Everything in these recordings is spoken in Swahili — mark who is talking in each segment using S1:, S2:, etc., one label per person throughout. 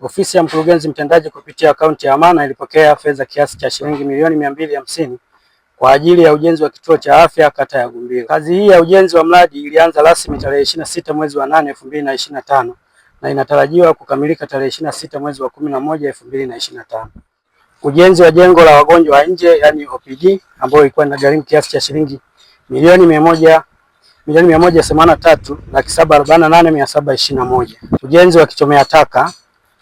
S1: Ofisi ya mkurugenzi mtendaji kupitia akaunti ya Amana ilipokea fedha kiasi cha shilingi milioni mia mbili hamsini kwa ajili ya ujenzi wa kituo cha afya kata ya Gumbiro. Kazi hii ya ujenzi wa mradi ilianza rasmi tarehe 26 mwezi wa 8 2025 na inatarajiwa kukamilika tarehe 26 mwezi wa 11 2025. Ujenzi wa jengo la wagonjwa wa nje yani OPD ambayo ilikuwa gharimu kiasi cha shilingi milioni mia moja milioni mia moja themanini na tatu laki saba arobaini na nane mia saba ishirini na moja. Ujenzi wa kichomea taka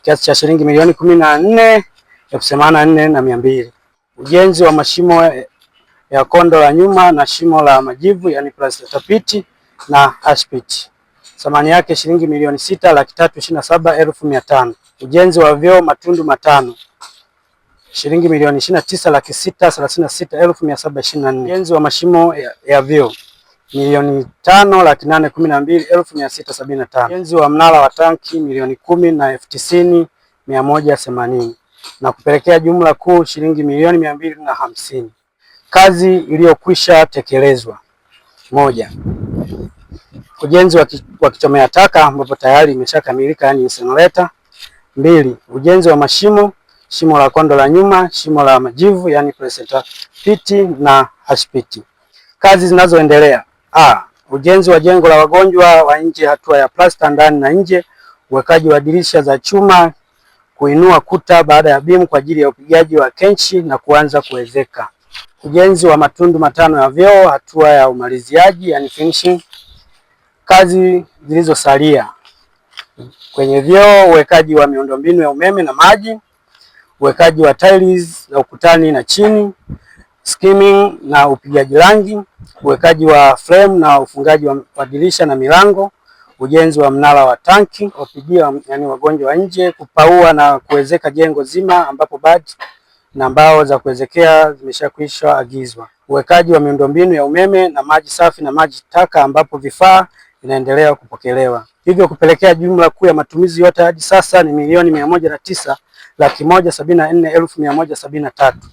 S1: kiasi cha shilingi milioni kumi na nne elfu themanini na nne na mia mbili ujenzi wa mashimo ya kondo la nyuma na shimo la majivu yani plasta pit na ash pit. Thamani yake shilingi milioni sita laki tatu ishirini na saba elfu mia tano. Ujenzi wa vyoo matundu matano shilingi milioni ishirini na tisa laki sita thelathini na sita elfu mia saba ishirini na nne. Ujenzi wa mashimo ya, ya vyoo milioni tano laki nane kumi na mbili elfu mia sita sabini na tano ujenzi wa mnara wa tanki milioni kumi na elfu tisini mia moja themanini na kupelekea jumla kuu shilingi milioni mia mbili na hamsini. Kazi iliyokwisha tekelezwa: moja, ujenzi wa kichomea taka ambapo tayari imeshakamilika, yani incinerator. Mbili, ujenzi wa mashimo, shimo la kondo la nyuma, shimo la majivu, yani placenta pit na hashpiti. Kazi zinazoendelea A. Ah, ujenzi wa jengo la wagonjwa wa nje hatua ya plasta ndani na nje, uwekaji wa dirisha za chuma, kuinua kuta baada ya bimu kwa ajili ya upigaji wa kenchi na kuanza kuwezeka. Ujenzi wa matundu matano ya vyoo hatua ya umaliziaji, yani finishing. Kazi zilizosalia kwenye vyoo, uwekaji wa miundombinu ya umeme na maji, uwekaji wa tiles za ukutani na chini skimming na upigaji rangi, uwekaji wa frame na ufungaji wa dirisha na milango, ujenzi wa mnara wa tanki wapigia yani wagonjwa wa nje, kupaua na kuwezeka jengo zima, ambapo bati na mbao za kuwezekea zimeshakwisha agizwa, uwekaji wa miundombinu ya umeme na maji safi na maji taka, ambapo vifaa vinaendelea kupokelewa, hivyo kupelekea jumla kuu ya matumizi yote hadi sasa ni milioni mia moja na tisa laki moja sabini na nne elfu mia moja sabini na tatu.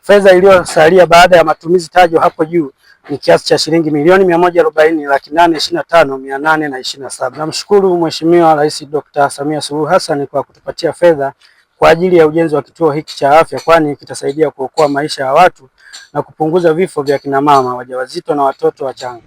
S1: Fedha iliyosalia baada ya matumizi tajwa hapo juu ni kiasi cha shilingi milioni mia moja arobaini laki nane ishirini na tano mia nane na ishirini na saba. Namshukuru Mheshimiwa Rais Dr. Samia Suluhu Hassan kwa kutupatia fedha kwa ajili ya ujenzi wa kituo hiki cha afya, kwani kitasaidia kuokoa maisha ya watu na kupunguza vifo vya kinamama wajawazito na watoto wachanga.